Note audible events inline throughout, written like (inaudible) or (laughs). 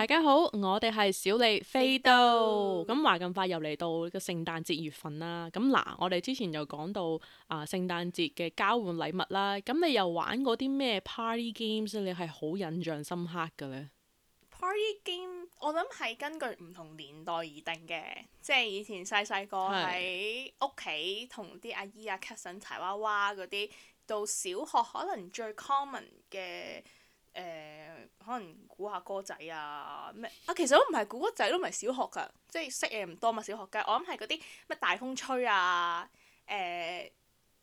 大家好，我哋係小李非都。咁話咁快又嚟到個聖誕節月份啦。咁嗱，我哋之前又講到啊、呃、聖誕節嘅交換禮物啦。咁你又玩過啲咩 party games？你係好印象深刻嘅呢？Party game 我諗係根據唔同年代而定嘅，即係以前細細個喺屋企同啲阿姨啊 cousin 柴娃娃嗰啲，到的小學可能最 common 嘅。誒、呃、可能估下歌仔啊咩啊，其實都唔係估歌仔，都唔係小學㗎，即係識嘢唔多嘛，小學雞。我諗係嗰啲咩大風吹啊誒、呃、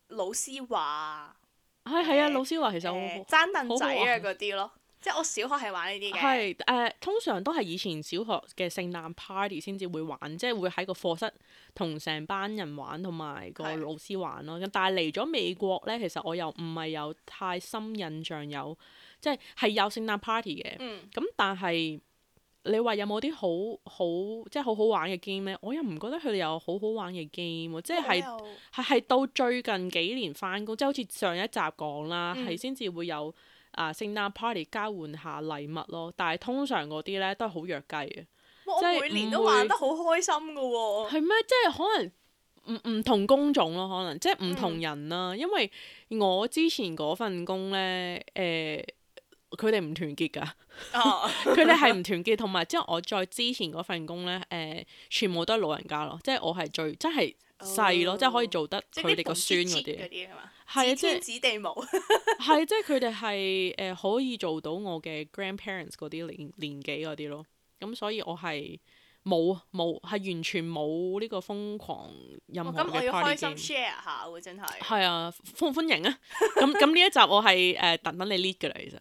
老師話、呃嗯、啊係啊老師話其實爭、呃、凳仔啊嗰啲咯，即係我小學係玩呢啲嘅。係誒、呃，通常都係以前小學嘅聖誕 party 先至會玩，即、就、係、是、會喺個課室同成班人玩，同埋個老師玩咯。咁的但係嚟咗美國咧，其實我又唔係有太深印象有。即係有聖誕 party 嘅，咁、嗯、但係你話有冇啲好好即係好好玩嘅 game 咧？我又唔覺得佢哋有好好玩嘅 game，即係係係到最近幾年翻工，即係好似上一集講啦，係先至會有啊、呃、聖誕 party 交換下禮物咯。但係通常嗰啲咧都係好弱雞嘅，即係每年都玩得好開心㗎喎、哦。係咩？即係可能唔唔同工種咯，可能即係唔同人啦。嗯、因為我之前嗰份工咧，誒、呃。佢哋唔團結噶，佢哋係唔團結，同埋之後我再之前嗰份工咧，誒、呃，全部都係老人家咯，即係我係最真、哦、即係細咯，即係可以做得佢哋個孫嗰啲，係啊，即係指天指地冇、就是，係啊，即係佢哋係誒可以做到我嘅 grandparents 嗰啲年年紀嗰啲咯，咁、嗯、所以我係冇冇係完全冇呢個瘋狂任何咁、哦、我要開心 share 下喎真係，係啊，歡迎歡迎啊，咁咁呢一集我係誒等等你 lead 噶啦，其實。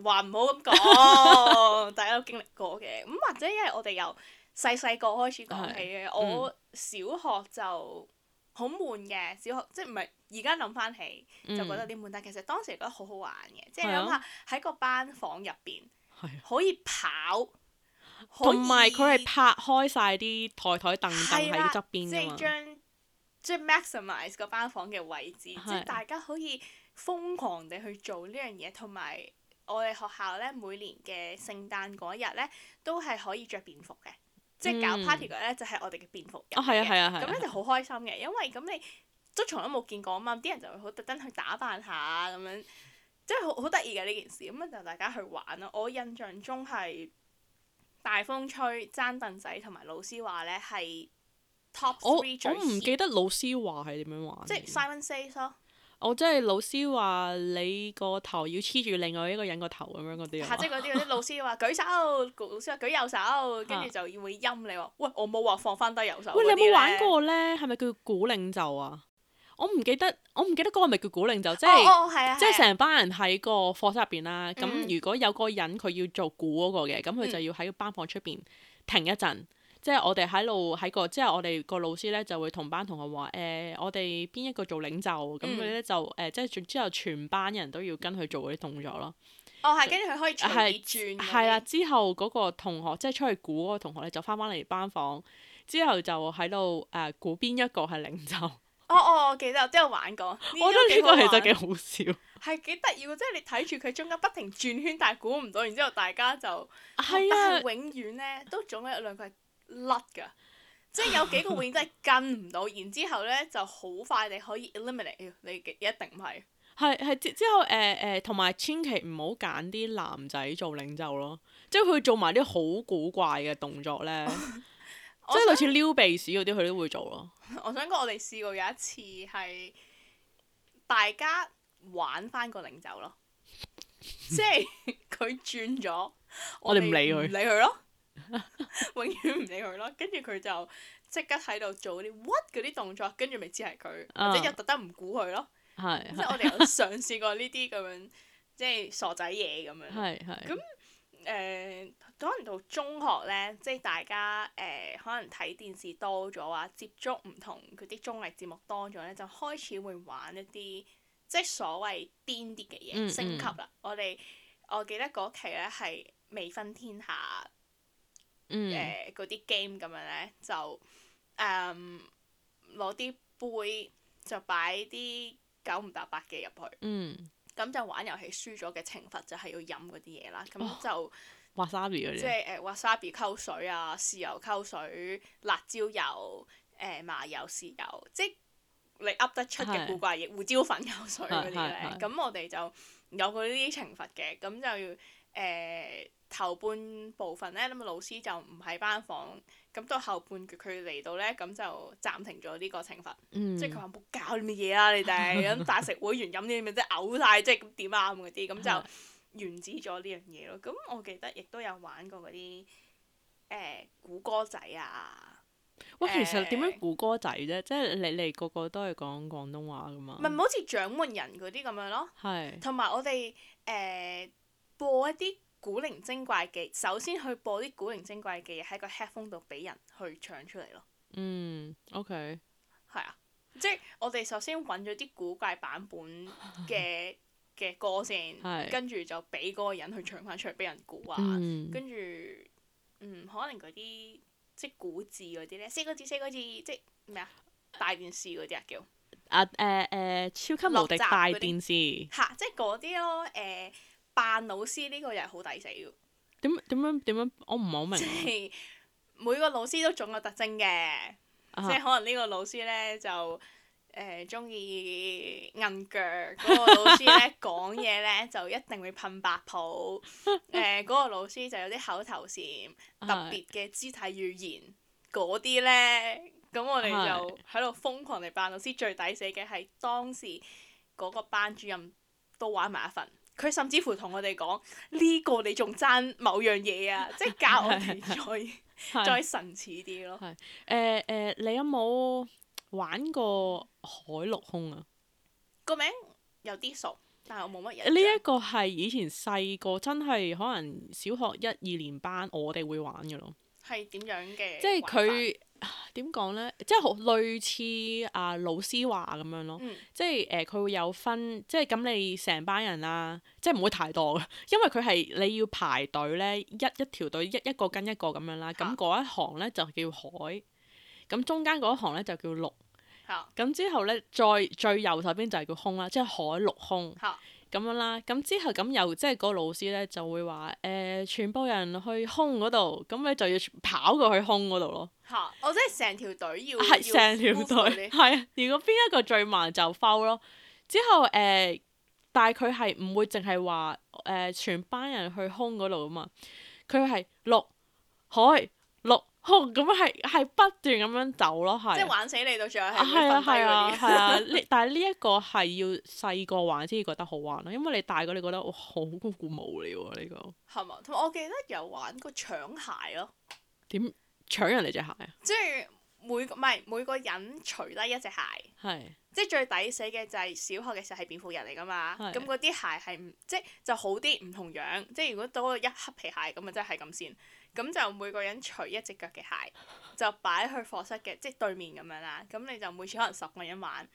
話唔好咁講， (laughs) 大家都經歷過嘅咁，或者因為我哋由細細個開始講起嘅，的我小學就好悶嘅，嗯、小學即係唔係而家諗翻起就覺得有啲悶，嗯、但其實當時覺得好好玩嘅，嗯、即係諗下喺個班房入邊的可以跑，同埋佢係拍開晒啲台台凳凳喺側邊㗎嘛，即係、將、即係、maximize 個班房嘅位置，即係的、即係、大家可以瘋狂地去做呢樣嘢，同埋。我哋學校咧每年嘅聖誕嗰日咧，都係可以着便服嘅，即係搞 party 咧、嗯、就係、是、我哋嘅便服。哦，係啊，係啊，係。咁咧就好開心嘅，因為咁你都從來冇見過啊嘛，啲人就會好特登去打扮下咁樣，即係好好得意嘅呢件事。咁樣就大家去玩咯。我印象中係大風吹爭凳仔同埋老師話咧係 top three 我最我。我唔記得老師話係點樣玩。即係 Simon Says 咯、so,。我即係老師話你個頭要黐住另外一個人個頭咁樣嗰啲啊！嚇、即係！即係嗰啲啲老師話舉手，老師話舉右手，跟住就要會陰你話。喂，我冇話放翻低右手。喂，你有冇玩過咧？係咪叫估領袖啊？我唔記得，我唔記得嗰個係咪叫估領袖？即係、oh, oh, 啊啊、即係成班人喺個課室入邊啦。咁、嗯、如果有個人佢要做估嗰、嗰個嘅，咁佢就要喺班房出邊停一陣。即係我哋喺度喺個，即係我哋個老師咧就會同班同學話：誒、欸，我哋邊一個做領袖？咁佢咧就誒、欸，即係之後全班人都要跟佢做嗰啲動作咯。嗯、就哦，係，跟住佢可以轉幾轉。係啦，之後嗰個同學即係出去估嗰個同學咧，就翻返嚟班房，之後就喺度誒估邊一個係領袖。哦哦，我記得，我都有玩過。 (laughs) 玩我覺得呢個其實幾好笑。係幾得意嘅，即係你睇住佢中間不停轉圈，但係估唔到，然之後大家就係啊， (laughs) 哦、永遠咧都總有一兩個。 (laughs) (laughs) 甩噶，即係有幾個會員真係跟唔到， (laughs) 然之後咧就好快地可以 eliminate 你，一定唔係。係係之之後誒同埋千祈唔好揀啲男仔做領袖咯，即係佢做埋啲好古怪嘅動作咧， (laughs) 即係類似撩鼻屎嗰啲，佢都會做咯。我想講，我哋試過有一次係大家玩翻個領袖咯， (laughs) 即係佢轉咗， (laughs) 我哋唔理佢，理佢咯。 (laughs) 永遠唔理佢咯，跟住佢就即刻喺度做啲屈嗰啲動作，跟住咪只係佢，或、oh. 者又特登唔估佢咯。係。Oh. 即係我哋有嘗試過呢啲咁樣，即係傻仔嘢咁樣。咁誒、oh.，可能到中學呢，即係大家誒、呃、可能睇電視多咗啊，接觸唔同佢啲綜藝節目多咗呢，就開始會玩一啲即係所謂癲啲嘅嘢，mm hmm. 升級啦。我哋我記得嗰期呢，係《未分天下》。誒嗰啲 game 咁樣咧，就誒攞啲杯就擺啲九唔搭八嘅入去，咁就玩遊戲輸咗嘅懲罰就係要飲嗰啲嘢啦，咁就 wasabi 即係誒 wasabi 溝水啊，豉油溝水，辣椒油，誒麻油、豉油，即係你噏得出嘅古怪嘢，胡椒粉溝水嗰啲咧，咁我哋就有過呢啲懲罰嘅，咁就要。誒、呃、頭半部分咧，咁老師就唔喺班房，咁到後半佢嚟到咧，咁就暫停咗呢個懲罰，嗯、即係佢話冇搞啲乜嘢啦， (laughs) 你哋咁大食會員飲啲咪即係嘔晒，即係點啊咁嗰啲，咁的就停止咗呢樣嘢咯。咁我記得亦都有玩過嗰啲誒估歌仔啊。喂，其實點樣估歌仔啫？欸、即係你哋個個都係講廣東話噶嘛？唔係，好似掌門人嗰啲咁樣咯。係的。同埋我哋誒。呃.播一啲古靈精怪嘅，首先去播啲古靈精怪嘅嘢喺個 headphone 度俾人去唱出嚟咯。嗯，OK。係啊，即係我哋首先揾咗啲古怪版本嘅嘅 (laughs) 歌先，跟住就俾嗰個人去唱翻出嚟俾人估啊。跟住、嗯，嗯，可能嗰啲即係古字嗰啲呢，四個字四個字，即係咩啊？大電視嗰啲啊叫。啊誒誒、啊啊，超級無敵大電視。嚇、啊！即係嗰啲咯，誒、啊。扮老師呢個又係好抵死喎！點點樣點樣？我唔係好明。即係每個老師都總有特徵嘅，uh huh。即係可能呢個老師呢就誒中意硬腳，嗰、嗰個老師呢講嘢 (laughs) 呢就一定會噴白泡，誒嗰、 (laughs) 呃嗰個老師就有啲口頭禪，特別嘅肢體語言嗰啲、uh huh。呢。咁我哋就喺度瘋狂地扮老師，uh huh。最抵死嘅係當時嗰個班主任都玩埋一份。佢甚至乎同我哋講，呢個你仲爭某樣嘢啊，即係教我哋再 (laughs) 再神似啲咯。係，誒誒、 (laughs) (laughs) 呃呃，你有冇玩過海陸空啊？個名有啲熟，但係我冇乜嘢。呢一個係以前細個真係可能小學一二年班我哋會玩嘅咯。係點樣嘅？即係佢。點講呢？即係好類似啊，老師話咁樣咯，嗯、即係誒佢會有分，即係咁你成班人啦，即係唔會太多嘅，因為佢係你要排隊呢，一一條隊一一個跟一個咁樣啦，咁嗰好一行呢，就叫海，咁中間嗰一行呢，就叫陸，咁好之後呢，再最右手邊就係叫空啦，即係海陸空。咁樣啦，咁之後咁又即係個老師咧就會話誒、呃，全部人去空嗰度，咁你就要跑過去空嗰度咯。嚇、啊！我即係成條隊要、啊、要。係成條隊。係啊， (laughs) 如果邊一個最慢就 fail 咯。之後誒、呃，但係佢係唔會淨係話誒，全班人去空嗰度啊嘛。佢係陸、海、陸。哦，咁啊係不斷咁樣走咯，係、啊。即係玩死你，到最後係分啊係啊，呢、啊啊啊、 (laughs) 但係呢一個係要細個玩先至覺得好玩咯，因為你大個你覺得、這個、好嗰股無聊啊呢個。係嘛？同埋我記得有玩過搶鞋咯。點搶人哋隻鞋啊？即係每唔係每個人除低一隻鞋。係是。即係最抵死嘅就係小學嘅時候係蝙蝠人嚟噶嘛，咁嗰啲鞋係唔即就好啲唔同樣，即係如果多一黑皮鞋咁啊，即係咁先。咁就每個人除一隻腳嘅鞋，就擺去課室嘅，即係對面咁樣啦。咁你就每次可能十個人玩。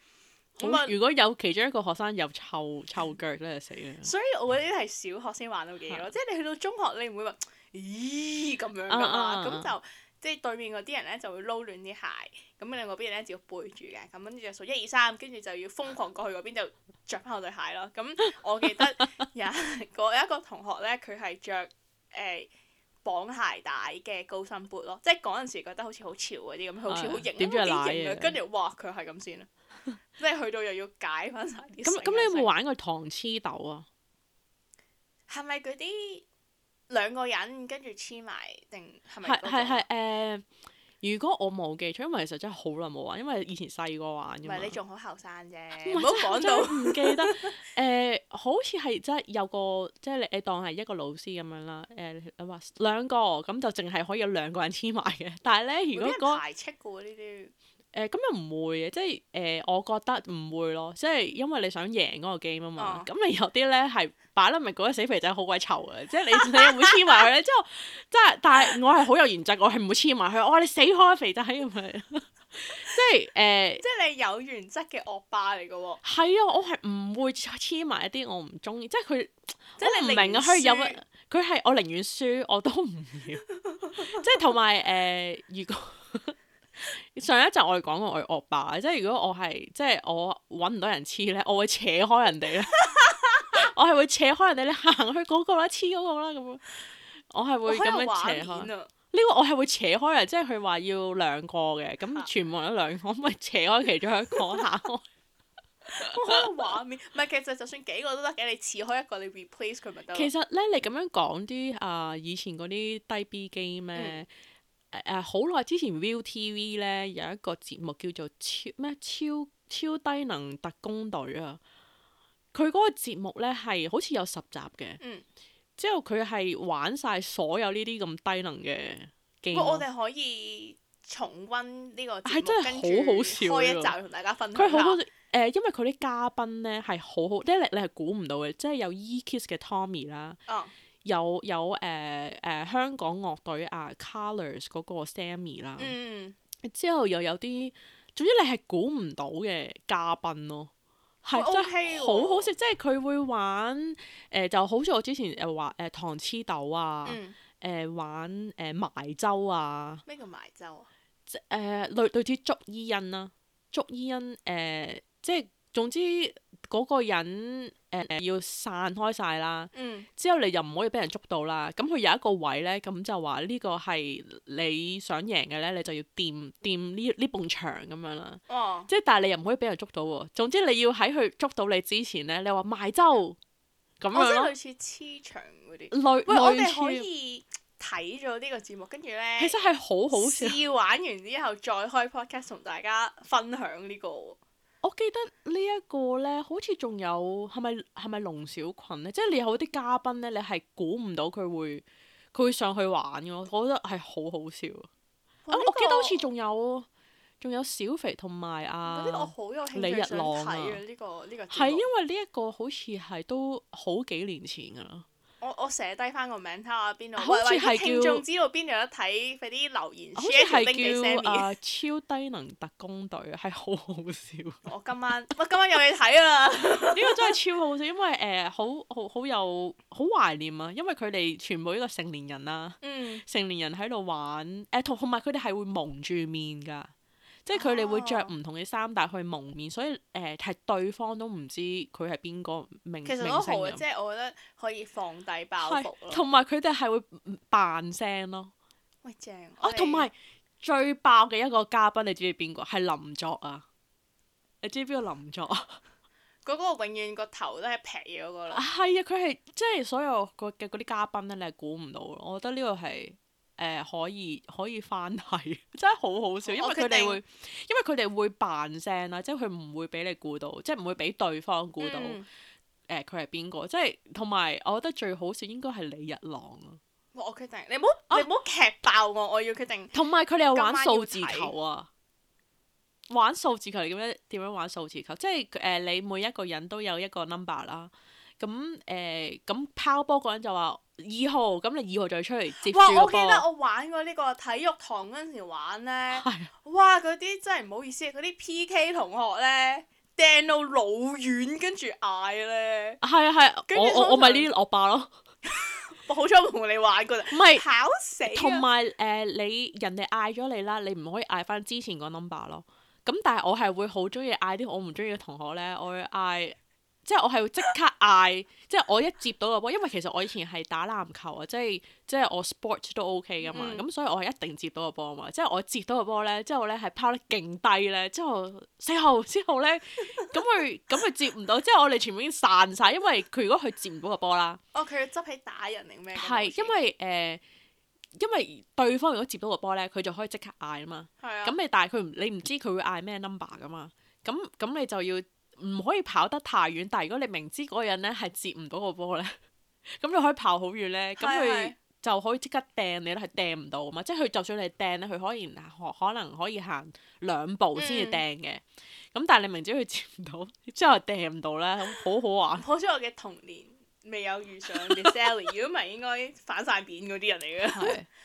咁好為如果有其中一個學生又臭臭腳咧，死啦！所以我覺得係小學先玩到嘅嘢。多、啊，即係你去到中學你唔會話咦咁樣㗎嘛。咁、啊啊、就即係對面嗰啲人咧就會撈亂啲鞋，咁你外邊人咧就要背住嘅。咁跟住就數一二三，跟住就要瘋狂過去嗰邊就着翻我對鞋咯。咁我記得有一個， (laughs) 一個同學咧，佢係着。誒、欸。綁鞋帶嘅高新 b o 咯，即係嗰陣時覺得好似好潮嗰啲咁，好似好型，好型跟住哇，佢係咁先啦， (laughs) 即係去到又要解翻晒啲。咁咁，你有冇玩過糖黐豆啊？係咪嗰啲兩個人跟住黐埋定係咪？係係係如果我冇記錯，因為其實真係好耐冇玩，因為以前細個玩啫。唔係你仲好後生啫，唔好講到。唔記得，誒、 (laughs) 呃，好似係真係有個，即係你你當係一個老師咁樣啦。誒、呃，你話兩個咁就淨係可以有兩個人黐埋嘅。但係咧，如果、嗰個、排斥嘅呢啲？誒咁又唔會嘅，即係誒、欸、我覺得唔會咯，即係因為你想贏嗰個 game 啊嘛，咁你、哦、有啲咧係擺得明嗰個死肥仔好鬼臭嘅，即係你你唔會黐埋佢咧，之後 (laughs) 即係但係我係好有原則，我係唔會黐埋佢，我、哦、話你死開肥仔咁樣，欸、即係誒，即係你有原則嘅惡霸嚟噶喎，係啊，我係唔會黐埋一啲我唔中意，即係佢，即係你唔明啊，佢有乜？佢係輸 我寧願輸我都唔要，即係同埋誒如果。如果上一集我哋講過我係惡霸，即係如果我係即係我搵唔到人黐咧，我會扯開人哋咧。 (laughs) 我係會扯開人哋咧，行去嗰個啦，黐嗰個啦咁。我係會咁樣扯開呢、啊、個，我係會扯開啊！即係佢話要兩個嘅，咁全部人兩個，咪 (laughs) (laughs) 扯開其中一個行開。畫面唔係，其實就算幾個都得嘅，你黐開一個，你 replace 佢咪得。其實咧，你咁樣講啲啊，以前嗰啲低 B game 咧、嗯。嗯誒好耐之前 ViuTV 咧有一個節目叫做超咩超超低能特工隊啊！佢嗰個節目咧係好似有十集嘅，嗯、之後佢係玩晒所有呢啲咁低能嘅機、哦。我哋可以重溫呢個。係、嗯啊、真係好好笑啊！開一集同大家分享。佢好好誒、呃，因為佢啲嘉賓咧係好好，即你你係估唔到嘅，即、就、係、是、有 E.Kiss 嘅 Tommy 啦。有有誒誒香港樂隊啊 (noise) ，Colors 嗰個 Sammy 啦，嗯、之後又有啲，總之你係估唔到嘅嘉賓咯，係真係好好食。Okay、即係佢會玩誒、呃，就好似我之前誒話誒糖黐豆啊，誒、嗯、玩誒、呃、埋周啊，咩叫埋周啊？即係誒、呃、類,類似捉伊恩啊，捉伊恩誒，即、呃、係、嗯、總之。總之嗰個人誒誒、呃、要散開晒啦，嗯、之後你又唔可以俾人捉到啦。咁佢有一個位咧，咁就話呢個係你想贏嘅咧，你就要掂掂呢呢埲牆咁樣啦。哦，即係但係你又唔可以俾人捉到喎。總之你要喺佢捉到你之前咧，你話賣周咁樣咯、啊哦。即係類似黐牆嗰啲。類喂類似我哋可以睇咗呢個節目，跟住咧。其實係好好笑。玩完之後再開 Podcast 同大家分享呢、呢個。我記得呢一個咧，好似仲有係咪係咪龍小群咧？即係你有啲嘉賓咧，你係估唔到佢會佢會上去玩嘅咯。我覺得係好好笑啊，呢個、啊！我記得好似仲有仲有小肥同埋啊李日朗啊呢、呢個呢、呢個係、呢個、因為呢一個好似係都好幾年前嘅啦。我我寫低翻個名睇下邊度，或者啲聽眾知道邊度有得睇佢啲留言。好似係叫誒、呃、超低能特工隊，係好好笑。我今晚 (laughs) 我今晚有嘢睇啊。呢 (laughs) 個真係超好笑，因為誒、呃、好好好有好懷念啊，因為佢哋全部依個成年人啦、啊，嗯、成年人喺度玩誒同同埋佢哋係會蒙住面㗎。即係佢哋會着唔同嘅衫，oh. 但係去蒙面，所以誒係、呃、對方都唔知佢係邊個，名名其實都好樣即係我覺得可以放低包袱咯。同埋佢哋係會扮聲咯。喂、oh, Okay.，正啊！同埋最爆嘅一個嘉賓，你知唔知邊個？係林作啊！你知唔知邊個林作啊？嗰 (laughs) 個永遠個頭都係劈嘢嗰個咯。係啊， (laughs) 佢係即係所有嘅嗰啲嘉賓咧，你係估唔到，我覺得呢個係。誒、呃、可以可以翻睇，真係好好笑，因為佢哋會，因為佢哋會扮聲啦，即係佢唔會俾你估到，即係唔會俾對方估到誒佢係邊個，即係同埋我覺得最好笑應該係李日朗啊！我決定，你唔好、啊、你唔好劇爆我，我要決定。同埋佢哋又玩數字球啊、啊、玩數字球啊！玩數字球，你點樣，點樣玩數字球？即係誒、呃，你每一個人都有一個 number 啦。啊。咁誒咁拋波嗰人就話二號，咁你二號再出嚟接哇！我記得我玩過呢個體育堂嗰陣時玩咧，的哇！嗰啲真係唔好意思，嗰啲 P. K. 同學咧掟到老遠，跟住嗌咧。係啊係啊！我我我咪呢啲惡霸咯。我 (laughs) 好彩冇同你玩過。唔係是。跑死。同埋誒，你人哋嗌咗你啦，你唔可以嗌翻之前個 number 咯。咁但係我係會好中意嗌啲我唔中意嘅同學咧，我會嗌。即係我係會 (laughs) 即刻嗌，即係我一接到個波，因為其實我以前係打籃球啊，即係即係我 sports 都 OK 噶嘛，咁、嗯、所以我係一定接到個波啊嘛。即係我接到個波咧，之後咧係拋得勁低咧，之後四號之後咧，咁佢咁佢接唔到， (laughs) 即係我哋全部已經散晒。因為佢如果佢接唔到個波啦。哦， (laughs) 佢要執起打人定咩？係因為誒、呃，因為對方如果接到個波咧，佢就可以即刻嗌啊嘛。咁是、啊、你但係佢唔，你唔知佢會嗌咩 number 噶嘛？咁咁你就要。唔可以跑得太遠，但係如果你明知嗰個人咧係接唔到個波咧，咁 (laughs) 你可以跑好遠咧，咁佢的就可以即刻掟你都係掟唔到啊嘛！即係佢就算你掟咧，佢可以可能可以行兩步先至掟嘅，咁、嗯、但係你明知佢接唔到，即係掟唔到咧，好好玩。好彩我嘅童年未有遇上 Miss Ellie，如果唔係應該反晒面嗰啲人嚟嘅。係。 (laughs)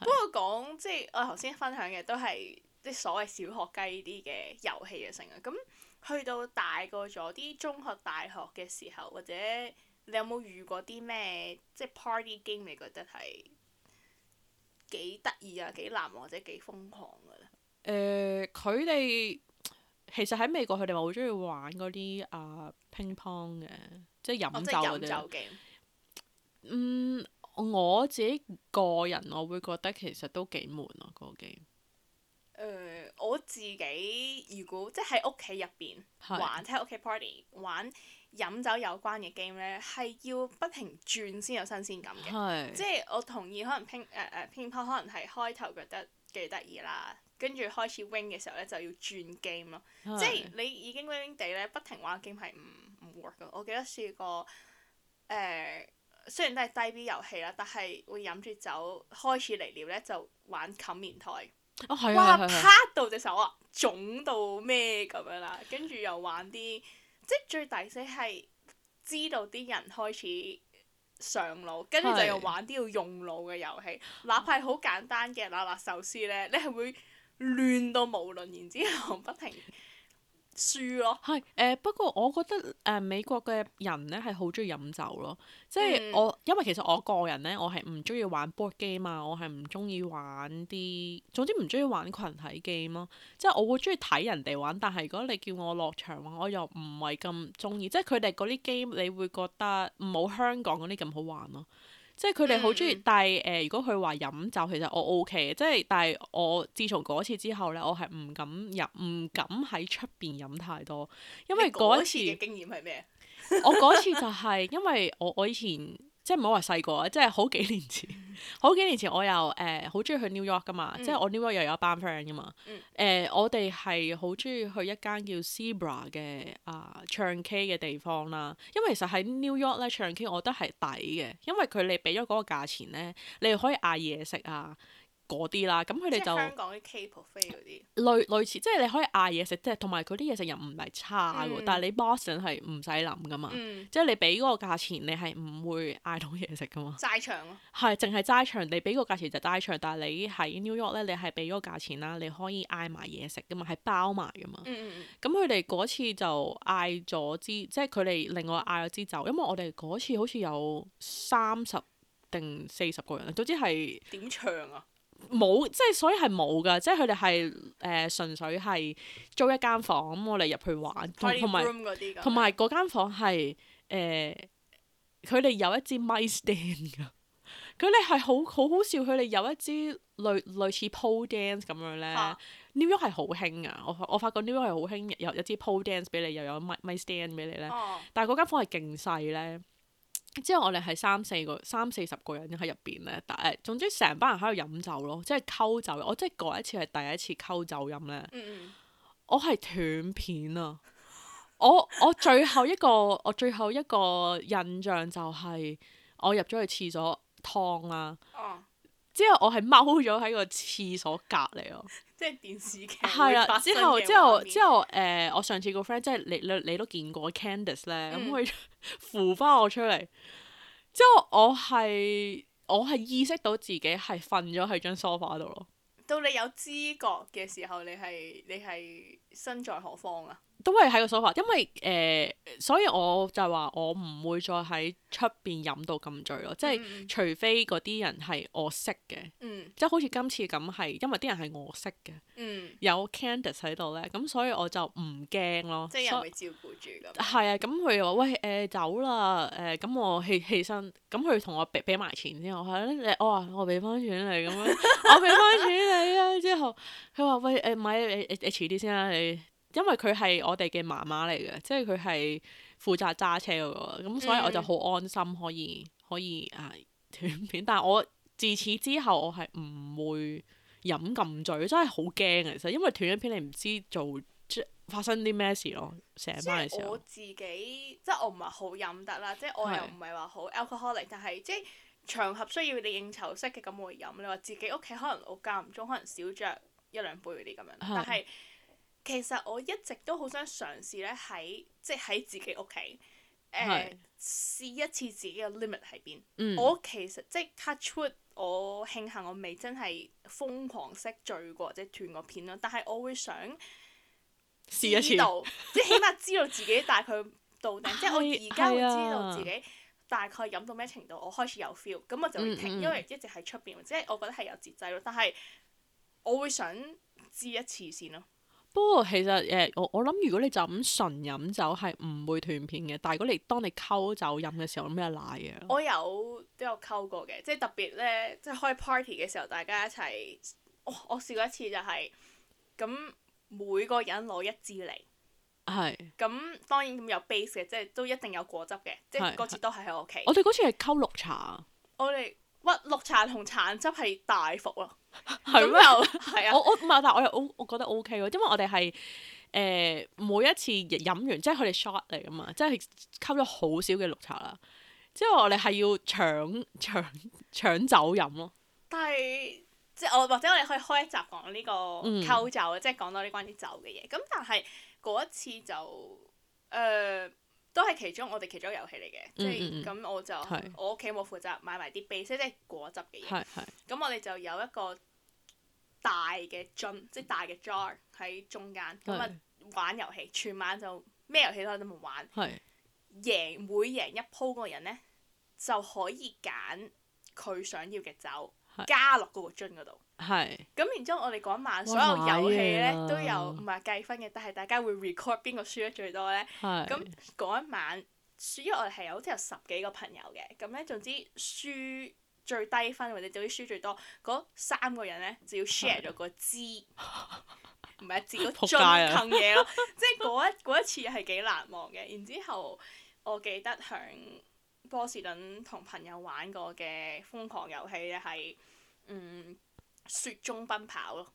不過講即係我頭先分享嘅都係即係所謂小學雞啲嘅遊戲嘅性啊，咁。去到大個咗，啲中學、大學嘅時候，或者你有冇遇過啲咩即係 party game？你覺得係幾得意啊、幾難忘或者幾瘋狂噶咧？誒、呃，佢哋其實喺美國，佢哋話好中意玩嗰啲啊乒乓嘅，即係飲酒嘅。哦、酒嗯，我自己個人我會覺得其實都幾悶咯、啊，個 game。.誒、呃，我自己如果即係喺屋企入邊，玩，即喺屋企 party 玩飲酒有關嘅 game 咧，係要不停轉先有新鮮感嘅。是即係我同意，可能拼誒誒、呃、乒乓，可能係開頭覺得幾得意啦，跟住開始 win 嘅時候咧，就要轉 game 咯。是即係你已經 win 地咧，不停玩 game 係唔唔 work 噶，我記得試過誒、呃、雖然都係低 B 遊戲啦，但係會飲住酒開始嚟聊咧，就玩冚棉胎。哦、哇！啪到隻手啊，腫到咩咁樣啦，跟住又玩啲， (laughs) 即係最抵死，係知道啲人開始上腦，跟住就又玩啲要用腦嘅遊戲，的哪怕好簡單嘅拿拿壽司呢，你係會亂到無論然之後不停。 (laughs) 輸咯，係誒、呃、不過我覺得誒、呃、美國嘅人咧係好中意飲酒咯，即係我、嗯、因為其實我個人咧我係唔中意玩 board game 嘛，我係唔中意玩啲、啊、總之唔中意玩群體 game 咯、啊，即係我會中意睇人哋玩，但係如果你叫我落場玩，我又唔係咁中意，即係佢哋嗰啲 game 你會覺得冇香港嗰啲咁好玩咯、啊。即係佢哋好中意，嗯、但係誒、呃，如果佢話飲酒，其實我 O K 嘅，即係但係我自從嗰次之後咧，我係唔敢飲，唔敢喺出邊飲太多，因為嗰次嘅經驗係咩？ (laughs) 我嗰次就係因為我我以前即係唔好話細個啊，即係好幾年前。嗯好幾年前我又誒好中意去 New York 噶嘛，嗯、即係我 New York 又有一班 friend 噶嘛。誒、嗯呃、我哋係好中意去一間叫 Cebra 嘅啊、呃、唱 K 嘅地方啦。因為其實喺 New York 咧唱 K，我覺得係抵嘅，因為佢哋俾咗嗰個價錢咧，你又可以嗌嘢食啊。嗰啲啦，咁佢哋就香港啲 cheap buffet 嗰啲類似，類似即係你可以嗌嘢食，即係同埋佢啲嘢食又唔係差嘅喎。嗯、但係你 Boston 係唔使諗噶嘛，嗯、即係你俾嗰個價錢，你係唔會嗌到嘢食噶嘛。齋場咯、啊，係淨係齋場，你俾個價錢就齋場。但係你喺 New York 咧，你係俾嗰個價錢啦，你可以嗌埋嘢食噶嘛，係包埋噶嘛。咁佢哋嗰次就嗌咗支，即係佢哋另外嗌咗支酒，因為我哋嗰次好似有三十定四十個人啊，總之係點唱啊？冇，即係所以係冇噶，即係佢哋係誒純粹係租一間房咁，我哋入去玩同埋，同埋嗰間房係誒，佢、呃、哋有一支 mic stand 噶，佢哋係好好好笑，佢哋有一支類類似 pole dance 咁樣咧、啊、New York 係好興噶，我我發覺 New York 係好興，有有支 pole dance 俾你，又有 mic mic stand 俾你咧，啊、但係嗰間房係勁細咧。之後我哋係三四個三四十個人喺入邊咧，但係總之成班人喺度飲酒咯，即係溝酒。我即係嗰一次係第一次溝酒飲咧，嗯、我係斷片啊！ (laughs) 我我最後一個我最後一個印象就係我入咗去廁所㗎啊！哦。之後我係踎咗喺個廁所隔離咯，即係電視劇。係啊，之後之後之後誒、呃，我上次個 friend 即係你你你都見過 Candice 咧、嗯，咁佢扶翻我出嚟。之後我係我係意識到自己係瞓咗喺張 sofa 度咯。到你有知覺嘅時候，你係你係身在何方啊？都係喺個手法，因為誒，所以我就話我唔會再喺出邊飲到咁醉咯，即係除非嗰啲人係我識嘅，即係好似今次咁係，因為啲人係我識嘅，有 Candice 喺度咧，咁所以我就唔驚咯。即係又咪照顧住咁？係啊，咁佢又話喂誒走啦誒，咁我起起身，咁佢同我俾俾埋錢先，我係我話我俾翻錢你咁樣，我俾翻錢你啊，之後佢話喂誒，唔係誒誒遲啲先啦你。因為佢係我哋嘅媽媽嚟嘅，即係佢係負責揸車嗰個，咁所以我就好安心可以、嗯、可以，可以啊斷片。但係我自此之後，我係唔會飲咁醉，真係好驚啊！其實，因為斷咗片你唔知做即發生啲咩事咯，成班嘅時候。我自己，即係我唔係好飲得啦，即係我又唔係話好 alcoholic，但係即係場合需要你應酬識嘅咁會飲，飲。你話自己屋企可能我間唔中可能少着一兩杯嗰啲咁樣，是但係。其實我一直都好想嘗試咧，喺即喺自己屋企誒試一次自己嘅 limit 喺邊。嗯、我其實即 touch wood 出，我慶幸我未真係瘋狂式醉過或者斷過片咯。但係我會想試一次，即起碼知道自己大概到頂。 (laughs) 即我而家會知道自己大概飲到咩程度，我開始有 feel，咁我就會停，嗯嗯，因為一直喺出邊，即、嗯嗯、我覺得係有節制咯。但係我會想試一次先咯。不過其實誒、欸，我我諗如果你就咁純飲酒係唔會斷片嘅，但係如果你當你溝酒飲嘅時候，咩奶嘅？我有都有溝過嘅，即係特別咧，即係開 party 嘅時候，大家一齊，我、哦、我試過一次就係、是，咁每個人攞一支嚟，係是，咁當然咁有 base 嘅，即係都一定有果汁嘅，是即係嗰次都係喺我屋企。我哋嗰次係溝綠茶。我哋。屈綠茶同橙汁係大伏咯，咁又係啊！我我唔係，但係我又 O，我覺得 O K 咯，因為我哋係誒每一次飲完，即係佢哋 shot 嚟啊嘛，即係溝咗好少嘅綠茶啦。即係我哋係要搶搶搶酒飲咯，啊。但係即係我或者我哋可以開一集講呢個溝酒，嗯、即係講多啲關於酒嘅嘢。咁但係嗰一次就誒。呃都係其中我哋其中一個遊戲嚟嘅，即係咁我就是我屋企冇負責買埋啲 base，即係果汁嘅嘢。咁我哋就有一個大嘅樽，即係大嘅 jar 喺中間咁啊，是就玩遊戲，全晚就咩遊戲都喺度玩。是贏每贏一鋪嗰個人呢，就可以揀佢想要嘅酒。加落嗰個樽嗰度。係是。咁然之後，我哋嗰一晚所有遊戲呢都有唔係計分嘅，啊、但係大家會 record 邊個輸得最多呢。咁嗰是一晚，因為我哋係好似有十幾個朋友嘅，咁呢，總之輸最低分或者對於輸最多，嗰三個人呢，就要 share 咗個支，唔係是一支樽。嘢咯。 (laughs) 街 (laughs) 即係嗰一嗰一次係幾難忘嘅。然之後，我記得喺波士頓同朋友玩過嘅瘋狂遊戲係。嗯，雪中奔跑咯，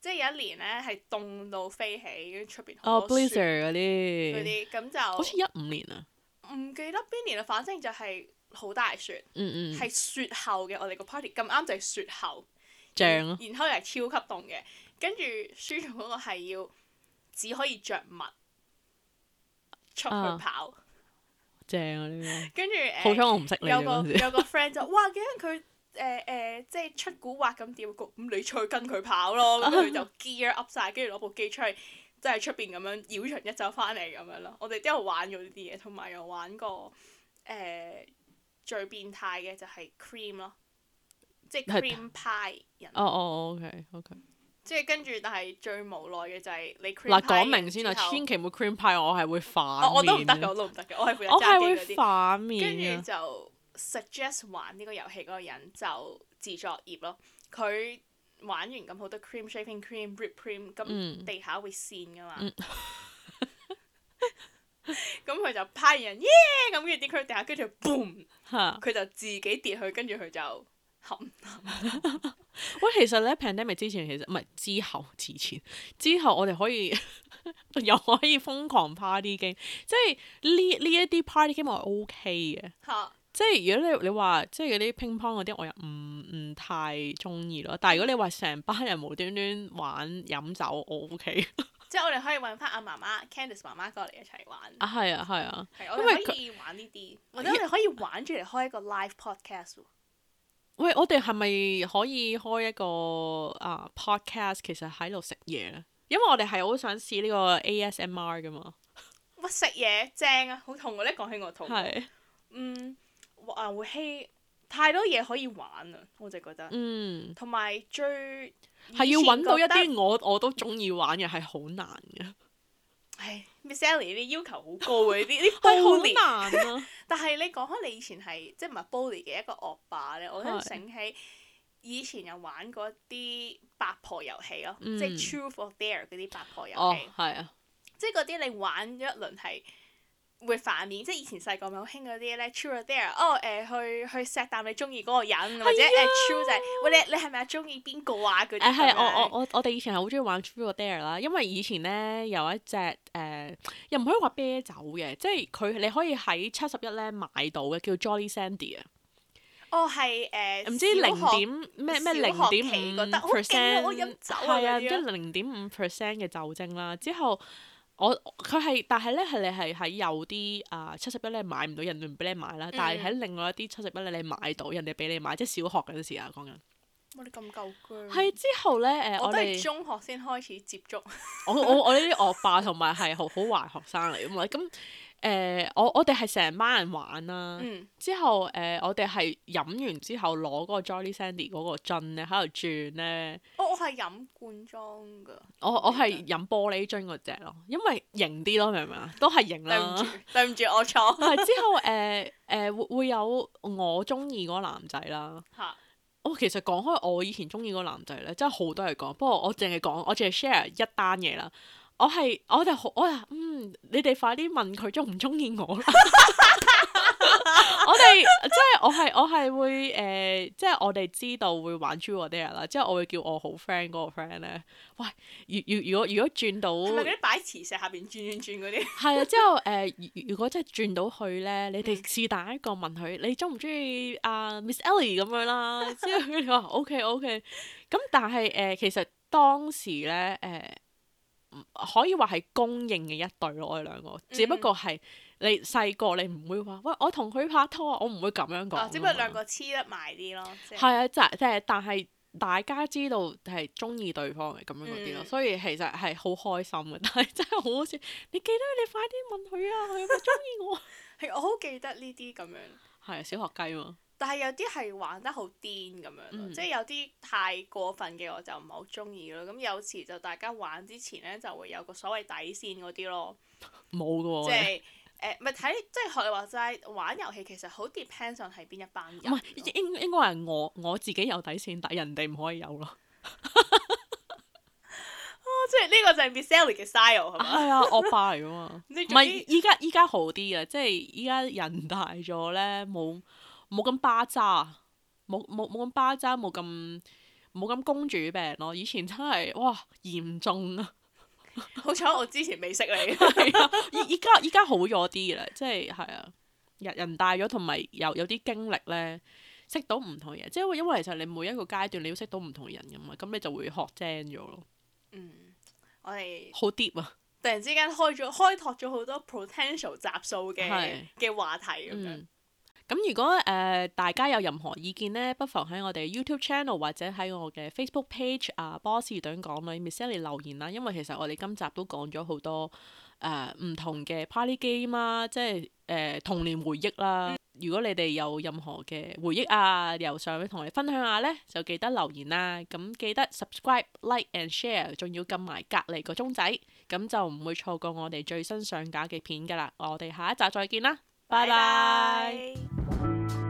即係有一年咧係凍到飛起，跟住出邊好多雪嗰啲、oh, Blizzard，嗰啲咁就好似一五年啊，唔記得邊年啦，反正就係好大雪，嗯係、mm hmm. 雪後嘅我哋個 party，咁啱就係雪後，正咯、啊，然後又係超級凍嘅，跟住輸咗嗰個係要只可以着襪出去跑，啊正啊呢嘢，跟住誒，好彩後 (laughs) 我唔識有個有個 friend 就哇驚佢。 (laughs) 誒誒、呃呃，即係出古惑咁點局，咁、嗯、你出去跟佢跑咯，咁佢 (laughs) 就 gear up 晒，跟住攞部機出去，即係出邊咁樣繞場一週翻嚟咁樣咯。我哋之後玩咗呢啲嘢，同埋又玩過誒、呃、最變態嘅就係 cream 咯，即係 cream 派人。是哦哦，OK，OK。Okay, okay. 即係跟住，但係最無奈嘅就係你 cream。嗱，講明先啦，后千祈唔好 cream 派，我係會反。我都唔得嘅，我都唔得嘅，我係負責揸啲。反面。跟住、哦啊、就。suggest 玩呢個遊戲嗰個人就自作孽咯，佢玩完咁好多 cream shaving cream whipped cream，咁地下會跣㗎嘛？咁佢就派完人耶，咁，跟住啲佢地下跟住 boom，佢就自己跌去，跟住佢就冚。喂，其實咧，pandemic 之前其實唔係之後之前，之後我哋可以又可以瘋狂 party game，即係呢呢一啲 party game 我係 OK 嘅。即係如果你你話即係嗰啲乒乓嗰啲，我又唔唔太中意咯。但係如果你話成班人無端端玩飲酒，我 OK。即係我哋可以搵返阿媽媽 Candice 媽媽過嚟一齊玩。啊，係啊，係啊。係的，因為我哋可以玩呢啲，或者我哋可以玩住嚟開一個 live podcast。喂，我哋係咪可以開一個啊、uh, podcast？其實喺度食嘢咧，因為我哋係好想試呢個 ASMR 㗎嘛。乜食嘢正啊？好痛嘅、啊、咧，講起我痛。係起。嗯。啊！遊戲太多嘢可以玩啊，我就覺得。嗯。同埋最係要揾到一啲我我都中意玩嘅係好難嘅。唉，Miss Sally，你要求好高 (laughs) oli, 啊，呢啲啲好難。但係你講開你以前係即係唔係 Bully 嘅一個惡霸咧，我突然醒起以前又玩過啲八婆遊戲咯，即係 Truth or Dare 嗰啲八婆遊戲。哦，係啊。即係嗰啲你玩咗一輪係。會反面，即係以前細個咪好興嗰啲咧。True or Dare。哦誒、呃，去去錫啖你中意嗰個人，啊、或者誒、uh, True 就係、是、喂你你係咪啊中意邊個啊？佢誒、呃、我我我我哋以前係好中意玩 True or Dare 啦，因為以前咧有一隻誒、呃，又唔可以話啤酒嘅，即係佢你可以喺七十一咧買到嘅，叫 Jolly Sandy 啊。哦、嗯，係誒對。唔知零點咩咩零點五 percent。我飲酒。係啊，即係零點五 percent 嘅酒精啦，之後。之後我佢係，但係咧係你係喺有啲啊七十一你買唔到，人哋唔俾你買啦，嗯、但係喺另外一啲七十一咧你買到，人哋俾你買，即係小學嗰陣時啊講緊。我哋咁舊嘅。係之後咧誒，呃、我都係中學先開始接觸。 (laughs) 我我我呢啲惡霸同埋係好好壞學生嚟，我咁。誒、uh, 我我哋係成班人玩啦、啊，嗯、之後誒，uh, 我哋係飲完之後攞嗰個 Jolly Shandy 嗰個樽咧，喺度轉咧。我我係飲罐裝㗎。我我係飲玻璃樽嗰隻咯，因為型啲咯，明唔明啊？都係型啦。 (laughs) 對唔住起，對唔住，我錯。係之後誒誒、uh, uh, 會，會有我中意嗰個男仔啦。嚇、 (laughs) 哦！我其實講開我以前中意嗰個男仔咧，真係好多人講，不過我淨係講，我淨係 share 一單嘢啦。我係我哋好我嗯，你哋快啲問佢中唔中意我啦 (laughs) 。我哋、uh, 即係我係我係會誒，即係我哋知道會玩 trouble 啲人啦。即、就、後、是、我會叫我好 friend 嗰個 friend 咧，喂，如如果如果轉到係咪嗰啲擺磁石下面轉轉轉嗰啲？係 (laughs) 啊，之後誒，uh, 如果真係轉到去咧，你哋是但一個問佢， (laughs) 你中唔中意阿 Miss Ellie 咁樣啦？之、啊、 (laughs) (laughs) 後佢哋話 OK OK，咁但係誒、uh, 呃嗯呃，其實當時咧誒。呃嗯可以話係公認嘅一對咯，我哋兩個、嗯只哦，只不過係你細個你唔會話喂，我同佢拍拖啊，我唔會咁樣講。只不過兩個黐得埋啲咯。係啊，即即係，但係大家知道係中意對方嘅咁樣嗰啲咯，嗯、所以其實係好開心嘅，但係真係好，好笑。你記得你快啲問佢啊，佢中意我，係 (laughs) 我好記得呢啲咁樣。係啊，小學雞嘛。但係有啲係玩得好癲咁樣咯，嗯、即係有啲太過分嘅我就唔係好中意咯。咁有時就大家玩之前咧就會有個所謂底線嗰啲咯，冇嘅喎，即係誒咪睇即係學你話齋玩遊戲其實好 depends on 係邊一班人，唔係應應該係我我自己有底線，但係人哋唔可以有咯。 (laughs) (laughs) 哦、啊，即係呢個就係 m i s c e l l y 嘅 style 係嘛？係啊，惡霸嚟㗎嘛，唔係依家依家好啲啊，即係依家人大咗咧冇。冇咁巴渣，冇冇咁巴渣，冇咁冇咁公主病咯。以前真係哇嚴重啊！ (laughs) 好彩我之前未識你。依家依家好咗啲嘅啦，即係係啊，人人大咗，同埋有有啲經歷咧，識到唔同嘢。即係因為其實你每一個階段，你要識到唔同人㗎嘛，咁你就會學精咗咯。嗯，我哋好 deep 啊！突然之間開咗開拓咗好多 potential 集數嘅嘅是話題咁樣。嗯。咁如果誒、呃、大家有任何意見呢，不妨喺我哋 YouTube channel 或者喺我嘅 Facebook page 啊，波士頓港女 missy 留言啦。因為其實我哋今集都講咗好多誒呃、唔同嘅 party game 啦、啊，即係誒、呃、童年回憶啦。如果你哋有任何嘅回憶啊，又想同我哋分享下呢，就記得留言啦。咁記得 subscribe、like and share，仲要撳埋隔離個鐘仔，咁就唔會錯過我哋最新上架嘅片噶啦。我哋下一集再見啦！拜拜。